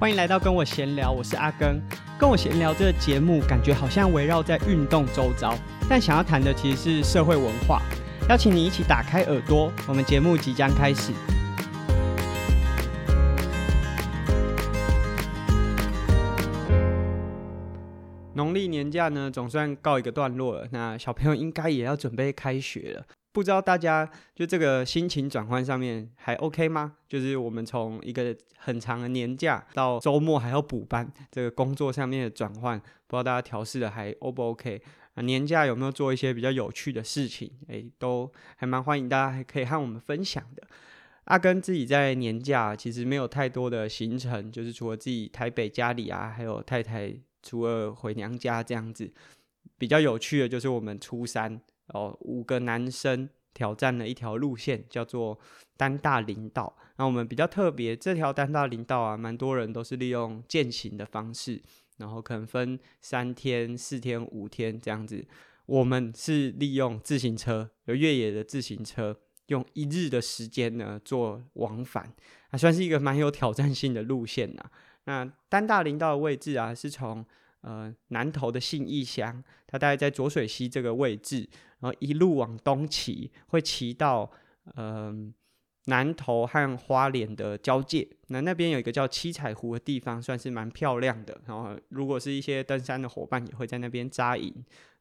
歡迎來到跟我閒聊，我是阿耕。跟我閒聊這個節目，感覺好像圍繞在運動周遭，但想要談的其實是社會文化。邀請你一起打開耳朵，我們節目即將開始。農曆年假呢，總算告一個段落了。那小朋友應該也要準備開學了。不知道大家就這個心情轉換上面還 OK 嗎？就是我們從一個很長的年假到周末還要補班，這個工作上面的轉換，不知道大家調適的還 O 不 OK？啊，年假有沒有做一些比較有趣的事情？誒、欸，都還蠻歡迎大家還可以和我們分享的。阿耕自己在年假其實沒有太多的行程，就是除了自己台北家裡啊，還有太太除了回娘家這樣子，比較有趣的就是我們初三。哦，五個男生挑戰的一條路線叫做丹大林道。那我們比較特別，這條丹大林道啊，蠻多人都是利用健行的方式，然後可能分三天、四天、五天這樣子。我們是利用自行車，有越野的自行車，用一日的時間呢做往返，還、啊、算是一個蠻有挑戰性的路線吶、啊。那丹大林道的位置啊，是從。呃，南投的信義鄉，它大概在濁水溪這個位置，然後一路往東騎，會騎到嗯、呃、南投和花蓮的交界。那那邊有一個叫七彩湖的地方，算是蠻漂亮的。然後如果是一些登山的夥伴，也會在那邊紮營，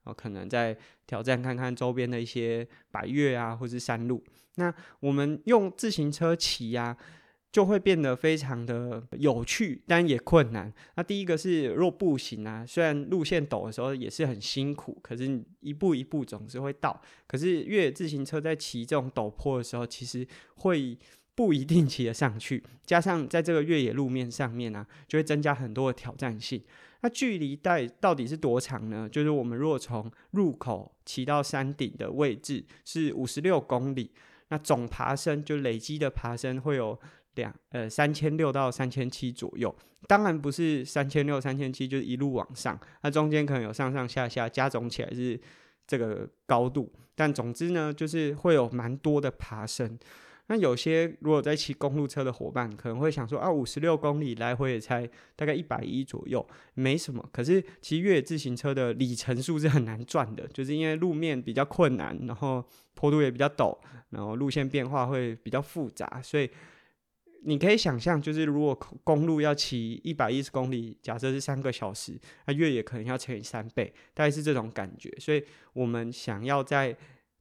然後可能再挑戰看看周邊的一些百岳啊，或是山路。那我們用自行車騎呀、啊。就會變得非常的有趣，但也困難。那第一個是若步行啊，雖然路線陡的時候也是很辛苦，可是一步一步總是會到。可是越野自行車在騎這種陡坡的時候，其實會不一定騎得上去。加上在這個越野路面上面呢、啊，就會增加很多的挑戰性。那距離帶到底是多長呢？就是我們若從入口騎到山頂的位置是五十六公里，那總爬升就累積的爬升會有。兩呃三千六到三千七左右，當然不是三千六三千七，就是一路往上。那、啊、中間可能有上上下下，加總起來是這個高度。但總之呢，就是會有蠻多的爬升。那有些如果在騎公路車的伙伴可能會想說啊，五十六公里來回也才大概一百一左右，沒什麼。可是騎越野自行車的里程數是很難賺的，就是因為路面比較困難，然後坡度也比較陡，然後路線變化會比較複雜，所以。你可以想象，就是如果公路要騎一百一十公里，假設是三個小時，那、啊、越野可能要乘以三倍，大概是這種感覺。所以，我們想要在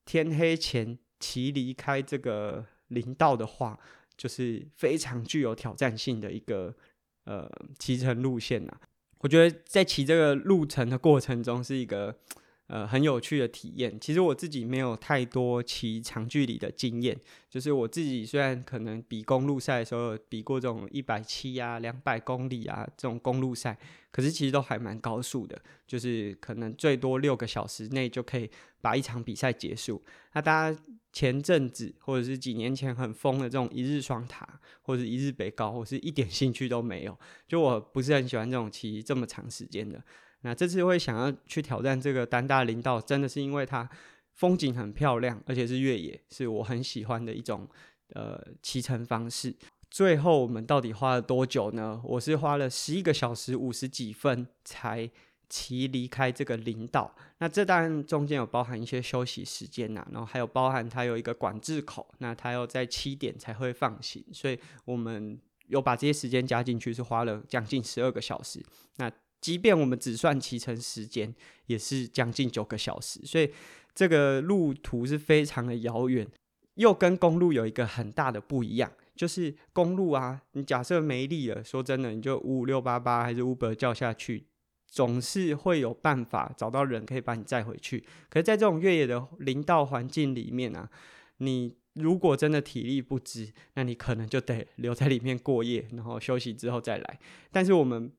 天黑前騎離開這個林道的話，就是非常具有挑戰性的一個呃騎乘路線吶、啊。我覺得在騎這個路程的過程中，是一個。呃，很有趣的體驗。其實我自己沒有太多騎長距離的經驗，就是我自己雖然可能比公路賽的時候比過這種一百七啊、兩百公里啊這種公路賽，可是其實都還蠻高速的，就是可能最多六個小時內就可以把一場比賽結束。那大家前陣子或者是幾年前很瘋的這種一日雙塔或者是一日北高，我是一點興趣都沒有，就我不是很喜歡這種騎這麼長時間的。那這次會想要去挑戰這個丹大林道，真的是因為它風景很漂亮，而且是越野，是我很喜歡的一種呃騎乘方式。最後我們到底花了多久呢？我是花了十一個小時五十幾分才騎離開這個林道。那這當然中間有包含一些休息時間吶、啊，然後還有包含它有一個管制口，那它要在七點才會放行，所以我們有把這些時間加進去，是花了將近十二個小時。那。即便我們只算騎乘時間，也是將近九個小時，所以這個路途是非常的遙遠，又跟公路有一個很大的不一樣，就是公路啊，你假設沒力了，說真的，你就五五六八八還是 Uber 叫下去，總是會有辦法找到人可以把你載回去。可是，在這種越野的林道環境裡面啊，你如果真的體力不支，那你可能就得留在裡面過夜，然後休息之後再來。但是我們。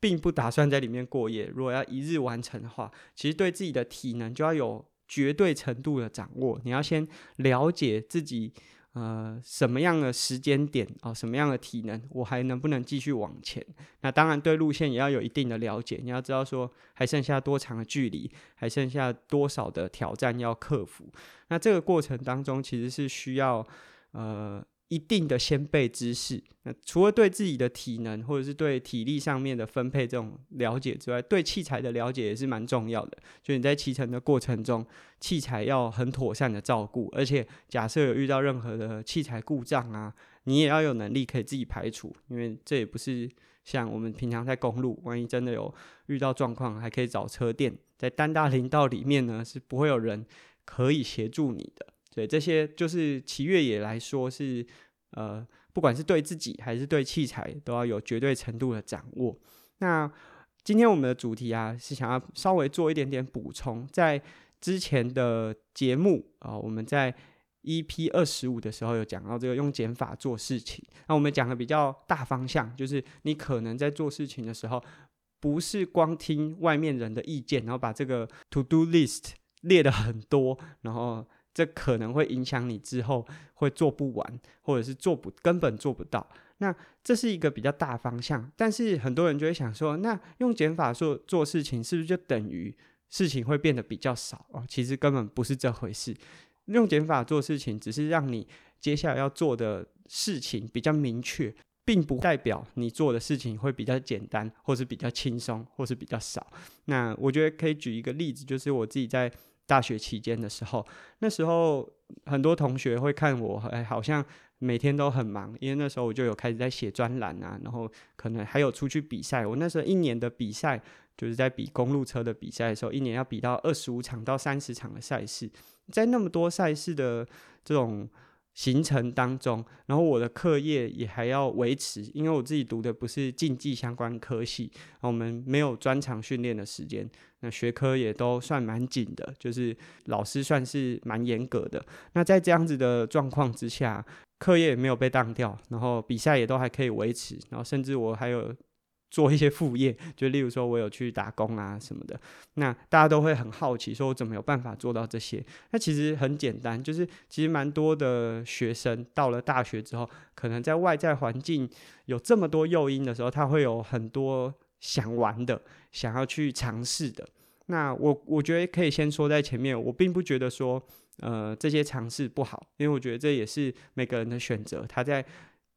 並不打算在裡面過夜。如果要一日完成的話，其實對自己的體能就要有絕對程度的掌握。你要先了解自己，呃，什麼樣的時間點哦，呃，什麼樣的體能，我還能不能繼續往前？那當然，對路線也要有一定的了解。你要知道說，還剩下多長的距離，還剩下多少的挑戰要克服。那這個過程當中，其實是需要，呃。一定的先備知識，那除了對自己的體能或者是對體力上面的分配這種了解之外，對器材的了解也是蠻重要的。就你在騎乘的過程中，器材要很妥善的照顧，而且假設有遇到任何的器材故障啊，你也要有能力可以自己排除，因為這也不是像我們平常在公路，萬一真的有遇到狀況，還可以找車店。在丹大林道裡面呢，是不會有人可以協助你的。這些就是騎越野來說是，呃，不管是對自己還是對器材，都要有絕對程度的掌握。那今天我們的主題啊，是想要稍微做一點點補充。在之前的節目啊，呃，我們在 EP 二十五的時候有講到這個用減法做事情。那我們講的比較大方向，就是你可能在做事情的時候，不是光聽外面人的意見，然後把這個 to do list 列的很多，然後。這可能會影響你之後會做不完，或者是做不根本做不到。那這是一個比較大方向，但是很多人就會想說，那用減法做做事情，是不是就等於事情會變得比較少？哦，其實根本不是這回事。用減法做事情，只是讓你接下來要做的事情比較明確，並不代表你做的事情會比較簡單，或是比較輕鬆，或是比較少。那我覺得可以舉一個例子，就是我自己在。大學期間的時候，那時候很多同學會看我，欸，好像每天都很忙，因為那時候我就有開始在寫專欄啊，然後可能還有出去比賽。我那時候一年的比賽就是在比公路車的比賽的時候，一年要比到二十五場到三十場的賽事，在那麼多賽事的這種。行程當中，然後我的課業也還要維持，因為我自己讀的不是競技相關科系，然後我們沒有專長訓練的時間，那學科也都算蠻緊的，就是老師算是蠻嚴格的。那在這樣子的狀況之下，課業也沒有被當掉，然後比賽也都還可以維持，然後甚至我還有。做一些副業，就例如說，我有去打工啊什麼的。那大家都會很好奇，說我怎麼有辦法做到這些？那其實很簡單，就是其實蠻多的學生到了大學之後，可能在外在環境有這麼多誘因的時候，他會有很多想玩的，想要去嘗試的。那我我覺得可以先說在前面，我並不覺得說，呃，這些嘗試不好，因為我覺得這也是每個人的選擇，他在。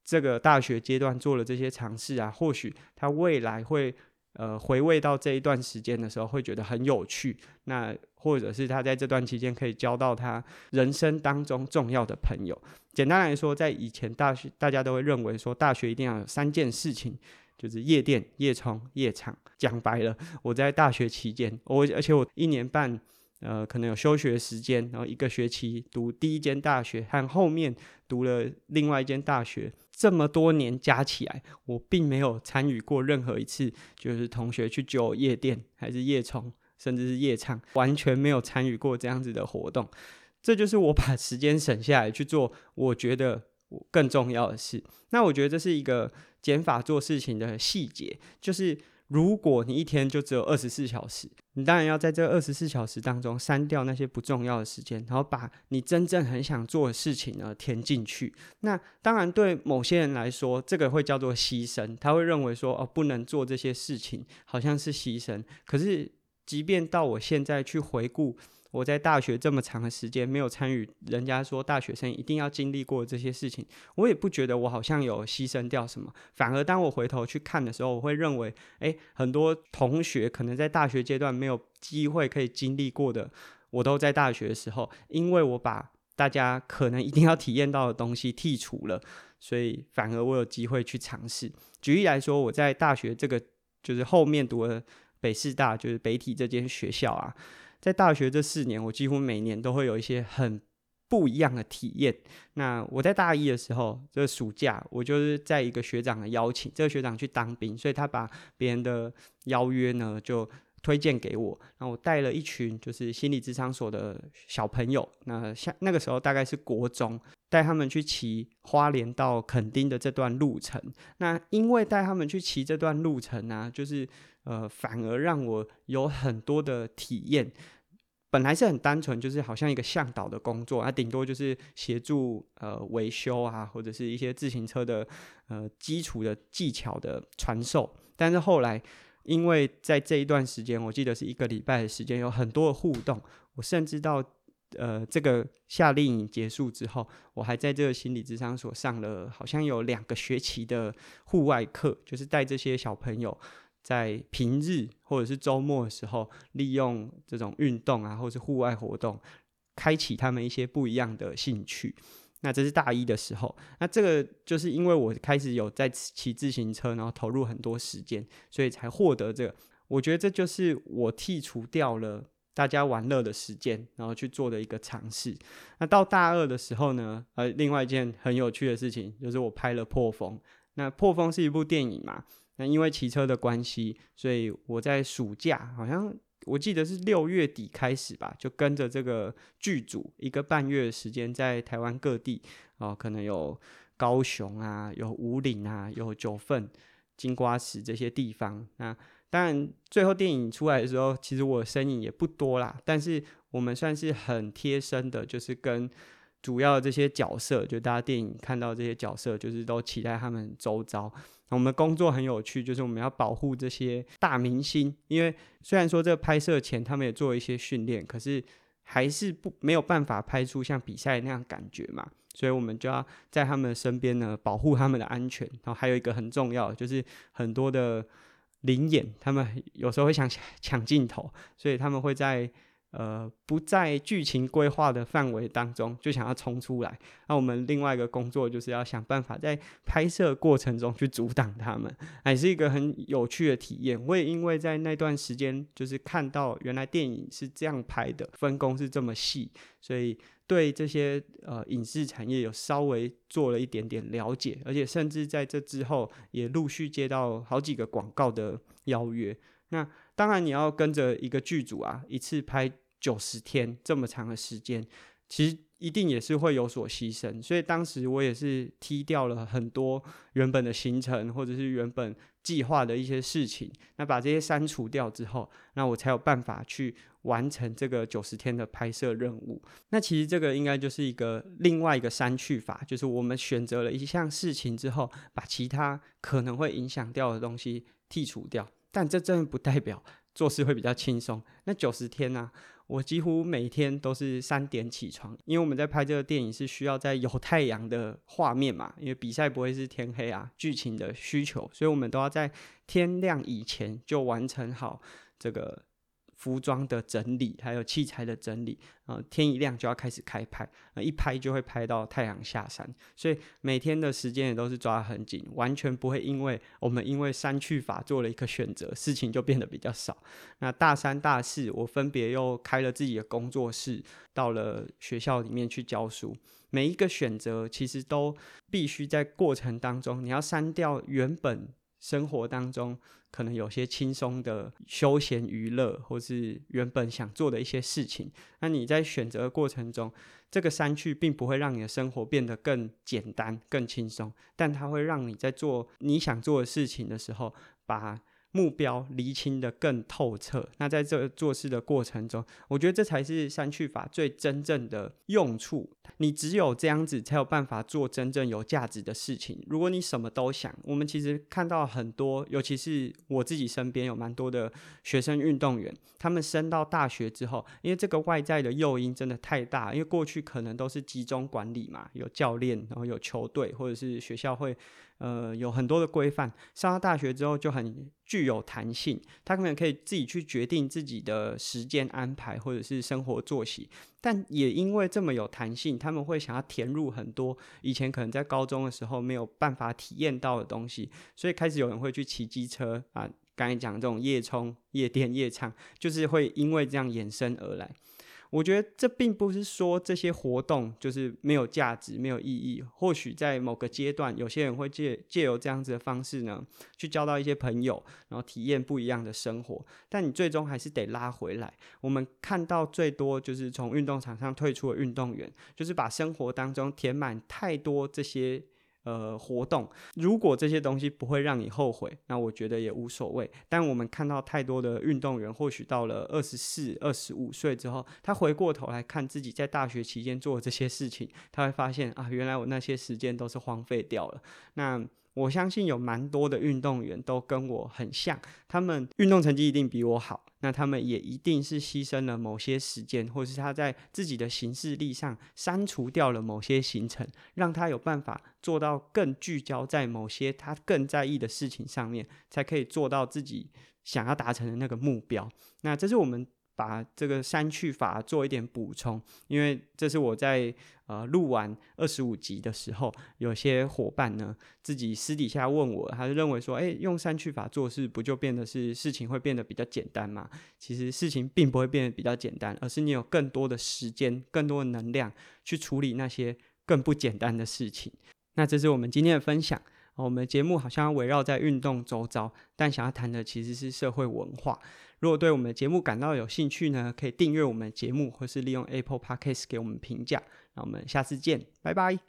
這個大學階段做了這些嘗試啊，或許他未來會呃回味到這一段時間的時候，會覺得很有趣。那或者是他在這段期間可以交到他人生當中重要的朋友。簡單來說，在以前大學，大家都會認為說大學一定要有三件事情，就是夜店、夜沖、夜場。講白了，我在大學期間，我而且我一年半。呃，可能有休學時間，然後一個學期讀第一間大學，和後面讀了另外一間大學，這麼多年加起來，我並沒有參與過任何一次，就是同學去酒夜店，還是夜衝，甚至是夜唱，完全沒有參與過這樣子的活動。這就是我把時間省下來去做我覺得更重要的事。那我覺得這是一個減法做事情的細節，就是。如果你一天就只有二十四小時，你當然要在這二十四小時當中刪掉那些不重要的時間，然後把你真正很想做的事情呢填進去。那當然，對某些人來說，這個會叫做犧牲，他會認為說哦，不能做這些事情，好像是犧牲。可是，即便到我現在去回顧。我在大學這麼長的時間沒有參與，人家說大學生一定要經歷過這些事情，我也不覺得我好像有犧牲掉什麼，反而當我回頭去看的時候，我會認為，誒，很多同學可能在大學階段沒有機會可以經歷過的，我都在大學的時候，因為我把大家可能一定要體驗到的東西剔除了，所以反而我有機會去嘗試。舉例來說，我在大學這個就是後面讀了北市大，就是北體這間學校啊。在大學這四年，我幾乎每年都會有一些很不一樣的體驗。那我在大一的時候，這個暑假我就是在一個學長的邀請，這個學長去當兵，所以他把別人的邀約呢就推薦給我。然後我帶了一群就是心理諮商所的小朋友，那那個時候大概是國中，帶他們去騎花蓮到墾丁的這段路程。那因為帶他們去騎這段路程呢、啊，就是呃，反而讓我有很多的體驗。本來是很單純，就是好像一個向導的工作，它、啊、頂多就是協助呃維修啊，或者是一些自行車的呃基礎的技巧的傳授。但是後來，因為在這一段時間，我記得是一個禮拜的時間，有很多的互動。我甚至到呃這個夏令營結束之後，我還在這個心理諮商所上了好像有兩個學期的戶外課，就是帶這些小朋友。在平日或者是週末的時候，利用這種運動啊，或是戶外活動，開啟他們一些不一樣的興趣。那這是大一的時候，那這個就是因為我開始有在騎自行車，然後投入很多時間，所以才獲得這個。我覺得這就是我剔除掉了大家玩樂的時間，然後去做的一個嘗試。那到大二的時候呢，呃，另外一件很有趣的事情就是我拍了《破風》，那《破風》是一部電影嘛。那因為騎車的關係，所以我在暑假好像我記得是六月底開始吧，就跟着這個劇組一個半月的時間在台灣各地哦、呃，可能有高雄啊，有武嶺啊，有九份、金瓜石這些地方啊。當然最後電影出來的時候，其實我的身影也不多啦，但是我們算是很貼身的，就是跟。主要的這些角色，就大家電影看到這些角色，就是都期待他們周遭。我們工作很有趣，就是我們要保護這些大明星，因為雖然說在拍攝前他們也做一些訓練，可是還是不沒有辦法拍出像比賽的那樣的感覺嘛。所以我們就要在他們身邊呢，保護他們的安全。然後還有一個很重要的，就是很多的臨演，他們有時候會想搶鏡頭，所以他們會在。呃，不在劇情規劃的範圍當中，就想要衝出來。那我們另外一個工作就是要想辦法在拍攝過程中去阻擋他們，還、啊、是一個很有趣的體驗。我也因為在那段時間，就是看到原來電影是這樣拍的，分工是這麼細，所以對這些呃影視產業有稍微做了一點點了解，而且甚至在這之後也陸續接到好幾個廣告的邀約。那當然你要跟着一個劇組啊，一次拍。九十天這麼長的時間，其實一定也是會有所犧牲。所以當時我也是踢掉了很多原本的行程，或者是原本計劃的一些事情。那把這些刪除掉之後，那我才有辦法去完成這個九十天的拍攝任務。那其實這個應該就是一個另外一個刪去法，就是我們選擇了一項事情之後，把其他可能會影響掉的東西剔除掉。但這真的不代表做事會比較輕鬆。那九十天呢、啊？我幾乎每天都是三點起床，因為我們在拍這個電影是需要在有太陽的畫面嘛，因為比賽不會是天黑啊，劇情的需求，所以我們都要在天亮以前就完成好這個。服裝的整理，還有器材的整理，啊、呃，天一亮就要開始開拍，一拍就會拍到太陽下山，所以每天的時間也都是抓得很緊，完全不會因為我們因為刪去法做了一個選擇，事情就變得比較少。那大三、大四，我分別又開了自己的工作室，到了學校裡面去教書，每一個選擇其實都必須在過程當中，你要刪掉原本。生活當中可能有些輕鬆的休閒娛樂，或是原本想做的一些事情。那你在選擇的過程中，這個刪去並不會讓你的生活變得更簡單、更輕鬆，但它會讓你在做你想做的事情的時候把。目標釐清得更透徹。那在這做事的過程中，我覺得這才是刪去法最真正的用處。你只有這樣子，才有辦法做真正有價值的事情。如果你什麼都想，我們其實看到很多，尤其是我自己身邊有蠻多的學生運動員，他們升到大學之後，因為這個外在的誘因真的太大，因為過去可能都是集中管理嘛，有教練，然後有球隊，或者是學校會。呃，有很多的規範。上大學之後就很具有彈性，他可能可以自己去決定自己的時間安排或者是生活作息。但也因為這麼有彈性，他們會想要填入很多以前可能在高中的時候沒有辦法體驗到的東西，所以開始有人會去騎機車啊。剛才講這種夜衝、夜店、夜唱，就是會因為這樣衍生而來。我覺得這並不是說這些活動就是沒有價值、沒有意義。或許在某個階段，有些人會借借由這樣子的方式呢，去交到一些朋友，然後體驗不一樣的生活。但你最終還是得拉回來。我們看到最多就是從運動場上退出的運動員，就是把生活當中填滿太多這些。呃，活動如果這些東西不會讓你後悔，那我覺得也無所謂。但我們看到太多的運動員，或許到了二十四、二十五歲之後，他回過頭來看自己在大學期間做的這些事情，他會發現啊，原來我那些時間都是荒廢掉了。那。我相信有蠻多的運動員都跟我很像，他們運動成績一定比我好，那他們也一定是犧牲了某些時間，或者是他在自己的行事曆上刪除掉了某些行程，讓他有辦法做到更聚焦在某些他更在意的事情上面，才可以做到自己想要達成的那個目標。那這是我們。把這個刪去法做一點補充，因為這是我在呃錄完二十五集的時候，有些夥伴呢自己私底下問我，他就認為說，哎、欸，用刪去法做事不就變得是事情會變得比較簡單嗎？其實事情並不會變得比較簡單，而是你有更多的時間、更多的能量去處理那些更不簡單的事情。那這是我們今天的分享。我們的節目好像圍繞在運動周遭，但想要談的其實是社會文化。如果對我們的節目感到有興趣呢，可以訂閱我們的節目，或是利用 Apple Podcast 給我們評價。那我們下次見，拜拜。